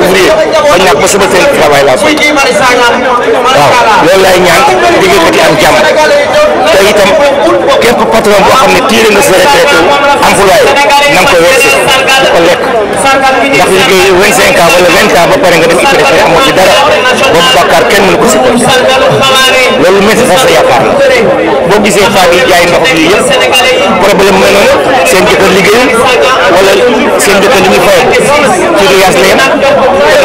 ouvrir ba ñàkk ba sama seen travail laa soxla waaw loolu laay ñaan liggéeykat yi am jàmm te itam képp patron boo xam ne tiire nga sa retraité am fulaay na nga ko wërsi di ko lekk ndax liggéey 25 ans wala 20 ans ba pare nga dem IPRES amoo ci dara boobu bàkkaar kenn mënu ko si loolu métti sax sa yaakaar la boo gisee faa yi jaay ndox bi yëpp. problème mooy noonu seen jëkkër liggéey wala seen jëkkër li ñuy fayal ci riyaas la yem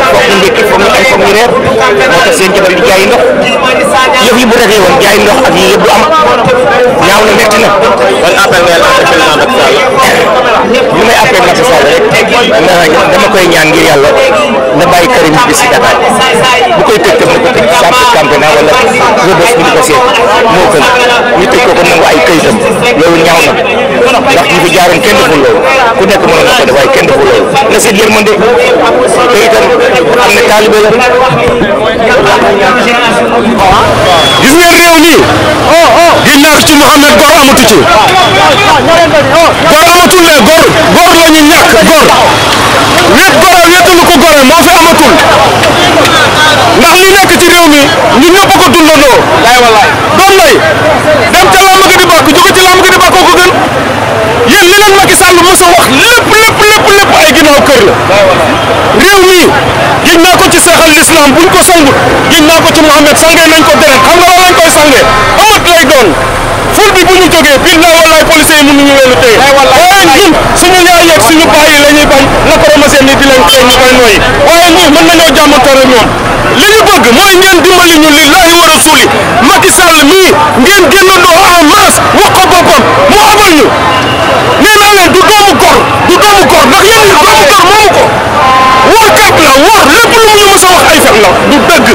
foog ñu ndékki foog ñu añ foog seen jabar di jaay ndox yëf am ñaaw na métti na. ban appel ngay lancé président Macky Sall. li may appel dama koy ñaan ngir yàlla na bàyyi kër mu gis oh, oh. si Dakar bu koy tëj tam na ko tëj sant Campenar wala Rebeuss ñu di ko seet moo gën ñu tëj ko kon nangu ay këyitam loolu ñaaw na ndax ñu fi jaaroon kenn deful loolu ku nekk mënoon na ko def waaye kenn deful loolu na seet yërmande te itam am na taalibe la gis nga réew lii ginnaaw ci Mouhamed gor amatu ci gor amatul ne gor gor la ñu ñàkk gor wet gor ne moo fi amatul ndax li nekk ci réew mi ñun ñëpp a ko dundandoo. wallaay wallaay doom lay dem ca làmb gi di bàkk jóge ci làmb gi di bàkkoo ko gën yéen li leen Macky Sall mos a wax lépp lépp lépp lépp ay ginnaaw kër la réew mi giñ naa ko ci seexal lislaam buñ ko sangut giñ naa ko ci Mohamed sangee nañ ko deret xam nga lan lañ koy sangee amat lay doon. ful bi bu ñu jógee billaay wallaay policiers yi mënuñu leen a téye waaye ñun suñu yaay ak suñu baay yi la ñuy bañ lacrymogène ni di leen xëy ñu koy waaye ñun mën nañoo jàmmantoor ak ñoom li ñu bëgg mooy ngeen dimbali ñu lillaahi wa rasuuli Macky Sall mii ngeen génnandoo en masse wax ko boppam mu abal ñu nee naa du doomu gor du doomu gor ndax yàlla doomu gor moomu ko waxkat la wax lépp lu mu ñu mës a wax ay fen la du dëgg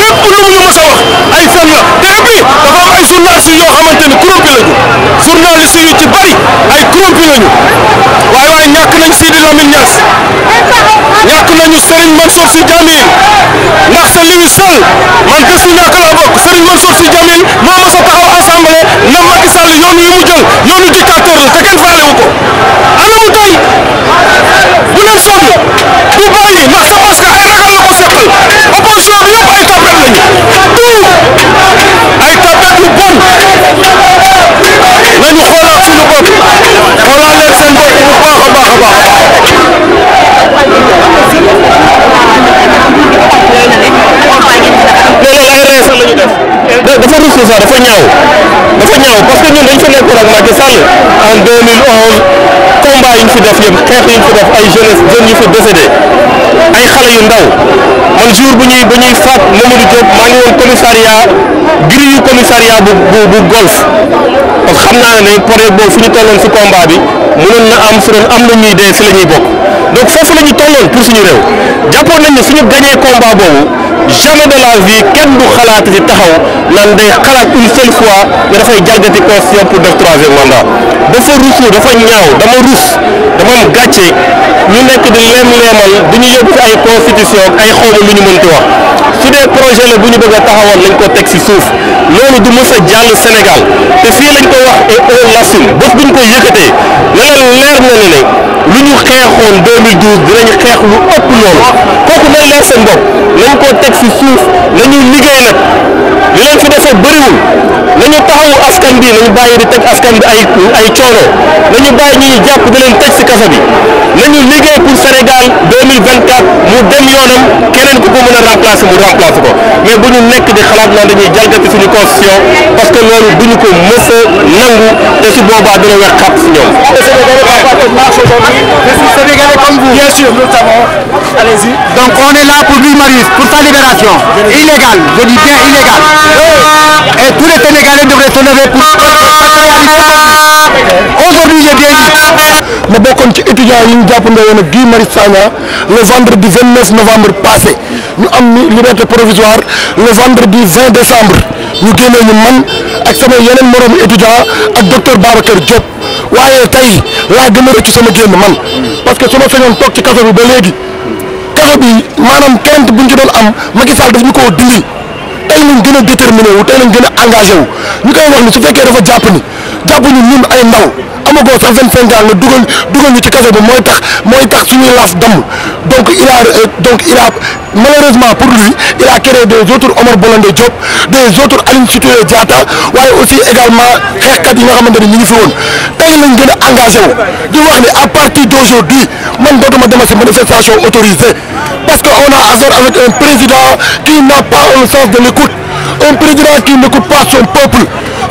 lépp lu mu ñu mës a wax askan te et puis dafa am ay journaliste yoo xamante ni corrompu lañu journaliste yu ci bari ay corrompu lañu waaye waaye ñàkk nañ Sidi Lamine Niass ñàkk nañu Serigne Mansour Sy Djamil ndax sa li ñu sell man gëstu naa ko laa bokk Serigne Mansour Sy Djamil moo mos a taxaw assemblée na Macky Sall yoonu yu mu jël yoonu dictateur la te kenn faale wu ko ana mu tey bu leen sonn bu bàyyi ndax sa parce tout ça dafa ñaaw dafa ñaaw parce ñun dañ fa nekkoon ak Macky Sall en 2011 combat yi ñu fi def yëpp xeex yi ñu fi def ay jeunesse jeunes yu fi décédé ay xale yu ndaw man jour bu ñuy bu ñuy faat Mamadou Diop maa ngi woon commissariat grille yu commissariat bu bu bu golf parce que xam naa ne période boobu fi ñu tolloon si combat bi mënoon na am su doon am na ñuy dee si la ñuy bokk donc foofu la ñu tolloon pour suñu réew jàppoon nañ ne suñu gagné combat boobu. jamais de la vie kenn du xalaat ci taxaw nan day xalaat une seule fois nga dafay jalgati constitution pour def troisième mandat dafa rusu dafa ñaaw dama rus dama am gàcce ñu nekk di leem leemal di ñu yóbbu ci ay constitution ak ay xawma lu ñu mënti wax su dee projet la bu ñu bëgg a taxawal lañ ko teg ci suuf loolu du mës a jàll Sénégal te fii lañ ko wax et on l'assume bés bu ñu ko yëkkatee ne leen leer na ne ne lu ñu xeexoon 2012 dinañu xeex lu ëpp loolu kooku nañ leer seen bopp nañ koo teg si suuf nañu liggéey nag li leen fi defee bëriwul. nañu taxawu askan bi nañu bàyyi di teg askan bi ay ay coono nañu bàyyi ñuy jàpp di leen teg si kaso bi nañu liggéey pour Sénégal mu dem yoonam keneen ku ko mën a remplacer mu remplacer ko mais bu ñu nekk di xalaat naan dañuy jalgati suñu constitution parce que loolu du ñu ko mës a nangu te su boobaa dina wex xàpp si ñoom. Donc on est là pour lui Marius, pour sa libération illégale, je dis bien illégale. Et tous les Sénégalais devraient se lever pour aujourd'hui je viens ma bokkoon ci étudiants yi ñu jàppandoo woon ak Guy Marius Sagna le vendredi 29 novembre passé ñu am ni liberté provisoire le vendredi 20 décembre ñu génnee ñu man ak sama yeneen moroomu étudiant ak docteur Babacar Diop waaye tey laa gën a rëcc sama génn man parce que su ma sañoon toog ci kaso bi ba léegi kaso bi maanaam kent buñ ci doon am Macky Sall daf ñu koo dindil tey lañ gën a déterminé wu tey lañ gën a engagé wu ñu koy wax ni su fekkee dafa jàpp ni jàpp ñu ñun ay ndaw amagoo sax vingt cinq ans nga dugal dugal ñu ci kaso bi mooy tax mooy tax suñuy laaf damm donc il a euh, donc il a malheureusement pour lui il a créé des autres Omar Blondin Diop des autres Aline Sitoé Diatta waaye aussi également xeexkat yi nga xamante ni ñu ngi fi woon tey lañ gën a engagé wu di wax ni à partir d'aujourd'hui man dootuma dema si manifestation autorisée parce qu'on a affaire avec un président qui n'a pas un sens de l'écoute un président qui n'écoute pas son peuple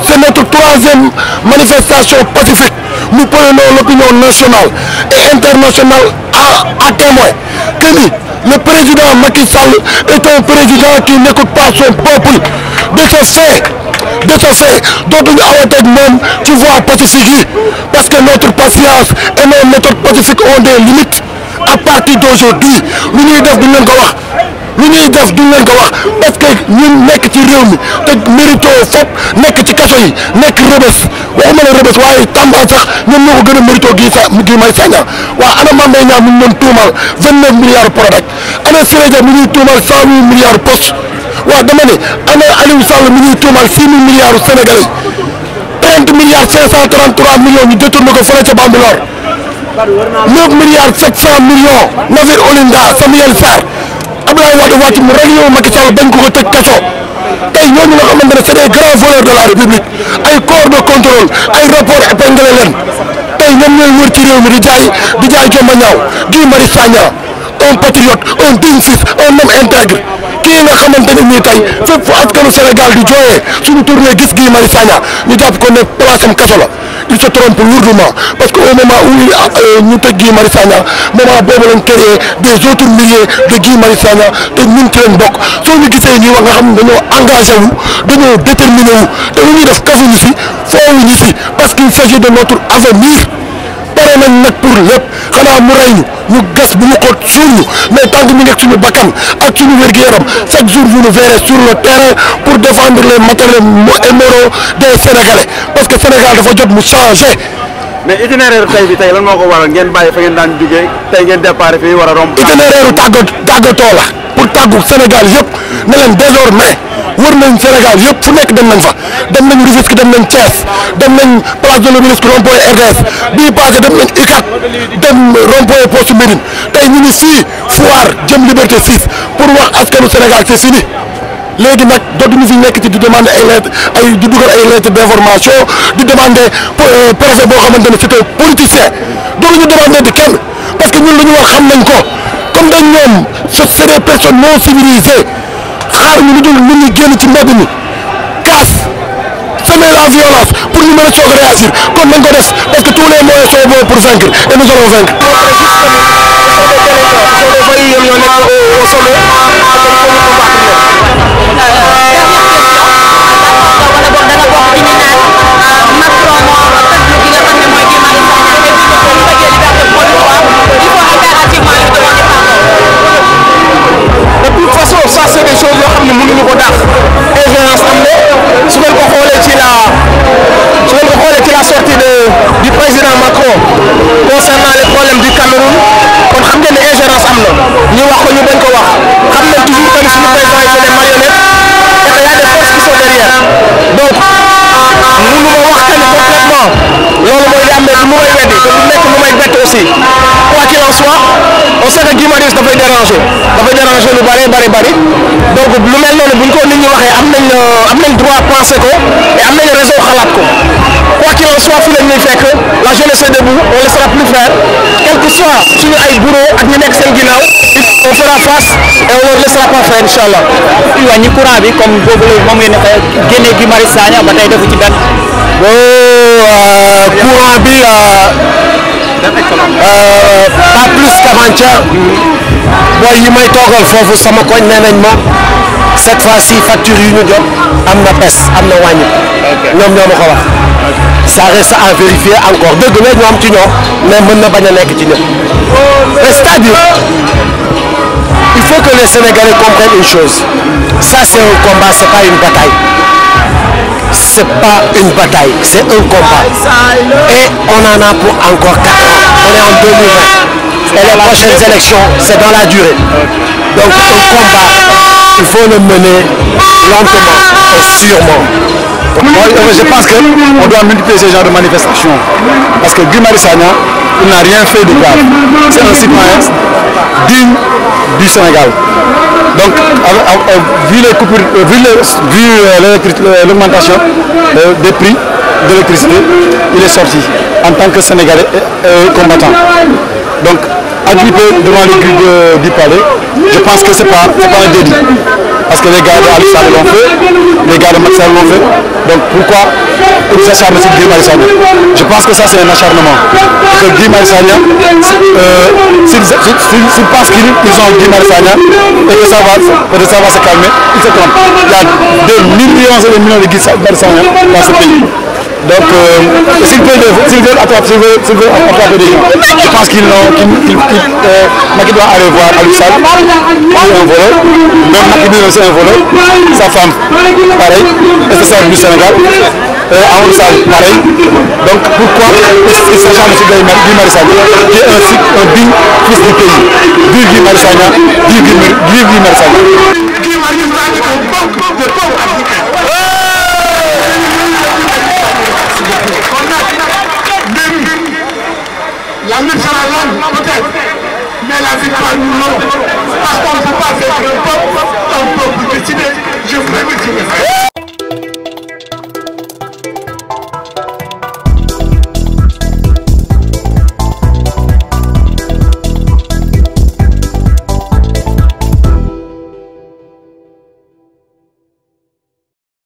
c'est notre troisième manifestation pacifique nous prenons l'opinion nationale et internationale à, à témoin que ni le président Macky Sall est un président qui n'écoute pas son peuple de ce fait de ce fait dootuñu awateeg moom ci voie pacifique yi parce que notre patience et notre méthode pacifique ont des limites à partir d'aujourd'hui lu ñuy def duñ leen ko wax lu ñuy def duñ leen ko wax parce que ñun nekk ci réew mi te mérito fop nekk ci kaso yi nekk rëbës waxuma la rëbës waaye sax ñoom ñoo ko gën a mérito gii sa gii may saña waa ana Mame Mbaye Niang mu ñu doon tuumal vingt neuf milliards Prodac ana Siré Dia mu ñuy tuumal cent mille milliards poste waaw dama ne ana Aliou Sall mu ñuy tuumal six mille milliards sénégalais trente milliards cinq cent trente trois millions ko fële ca Bambilor 9 milliards 700 millions Nazir Olinda Samuel Sarr Abdoulaye Wade wàcc mu réglé wu Macky Sall bañ ko ko tëj kaso tey ñooñu nga xamante ne c'est des grands voleurs de ay corps de contrôle ay rapport épinglé tey ñoom ñooy wër ci réew mi di jaay di jaay jomba ñaaw Guy Marius un patriote un digne fils un homme intègre kii nga xamante ne nii tey fépp fu askanu Sénégal di jooyee suñu tournée gis Guy Marius Sagna ñu jàpp ko ne place am la. il se trompe lourdement parce que au moment où euh, ñu tëj Guy Marius Sagna moment boobu lañ créé des autres milliers de gii Marius Sagna te ci leen bokk soo ñu gisee nii wax nga xam ne dañoo engagé wu dañoo déterminé wu te lu ñuy def kafuñu si foowuñu si parce qu'il s'agit de notre avenir pare nañ nag pour lépp xanaa mu rey ñu ñu gas bu ñu xool suur ñu mais tant que ñu nekk suñu bakkan ak suñu wér-gu-yaram chaque jour vous nous verrez sur le terrain pour défendre les matériels moraux des Sénégalais parce que Sénégal dafa jot mu changer. mais itinéraire tey bi tey lan moo ko waral ngeen bàyyi fa ngeen daan jugee tey ngeen départ fii war a romb. itinéraire tàggat tàggatoo la pour tàggu Sénégal yëpp ne leen désormais wër nañ Sénégal yëpp fu nekk dem nañ fa dem nañ Rufisque dem nañ Thiès dem nañ place de l'Obélisque rond-point RTS bii passé dem nañ ICAT dem rond-point poste Médine tey ñu ni fii foire jëm Liberté 6 pour wax askanu Sénégal c'est fini léegi nag ñu fi nekk ci di demande ay lettre ay di dugal ay lettre d'information di demander euh, préfet boo xamante ne c'est un politicien dootuñu demander di kenn parce que ñun lu ñu war xam nañ ko comme dañ ñoom c'est des personnes non civilisées xaar ñu lu dul nit ñi génn ci mbedd mi kaas semer la violence pour ñu mën a soog a réagir kon nañ ko def parce que tous les moyens sont bons pour vaincre et nous allons vaincre. ñoo nekk au sommet aussi quoi qu'il en soit on sait que Guy Marius dafay déranger dafay déranger lu bëree bëri bëri donc lu mel noonu buñ ko nit ñi waxee am nañ euh, la jeunesse est debout on laissera plus faire quel que soit suñu courant bi comme boobu la moom ngeen di génnee Guy Marius Sagna ba tey defu ci benn. Euh, courant bi. Euh, Euh, pas plus qu'avant-hier yi may toogal foofu sama koñ nee nañ ma cette fois-ci facture yu ñu jot am na baisse am na wàññi ñoom ñoo ma ko wax ça reste à vérifier encore dëgg la ñoom ci ñoom mais mën na bañ a nekk ci ñëpp oh, c'est-à-dire il faut que les Sénégalais comprennent une chose ça c'est un combat c'est pas une bataille c'est pas une bataille, c'est un combat. Et on en a pour encore 4 ans. On est en Et les prochaines élections, c'est dans la durée. Donc un combat, il faut le mener lentement et sûrement. je pense qu'on doit multiplier ce genre de manifestations. Parce que Guy Marissagna, il n'a rien fait de grave. C'est un citoyen digne du Donc, euh, vu les coupures, euh, vu, les, vu euh, l'augmentation des prix de l'électricité, il est sorti en tant que Sénégalais combattant. Donc, agrippé devant les je pense que ce pas, pas un délit. parce que les gars de Aliou Sall l'ont fait les gars de Macky Sall l'ont fait donc pourquoi ils s'acharnent sur Guy Marius Sagna je pense que ça c'est un acharnement que Guy Marius Sagna euh, s'ils s'ils pensent qu'ils ont Guy Marius Sagna et que ça va que se calmer y a des millions et des millions de Guy Marius Sagna dans ce Donc, euh, s'ils veulent, attraper, je pense qu'ils n'ont, qu qu euh, doit aller voir Alussal, qui est un voleur, même Makidou aussi un voleur, sa femme, pareil, SSR du Sénégal, euh, Alussal, pareil. Donc, pourquoi il se charge de Guy Marissagna, qui est un, un digne fils du pays, Guy Marissagna, Guy Marissagna. lutte sera longue, peut-être, mais la victoire nous l'ont. Parce qu'on ne peut pas faire un peuple, un peuple décidé. Je vous remercie, mes frères.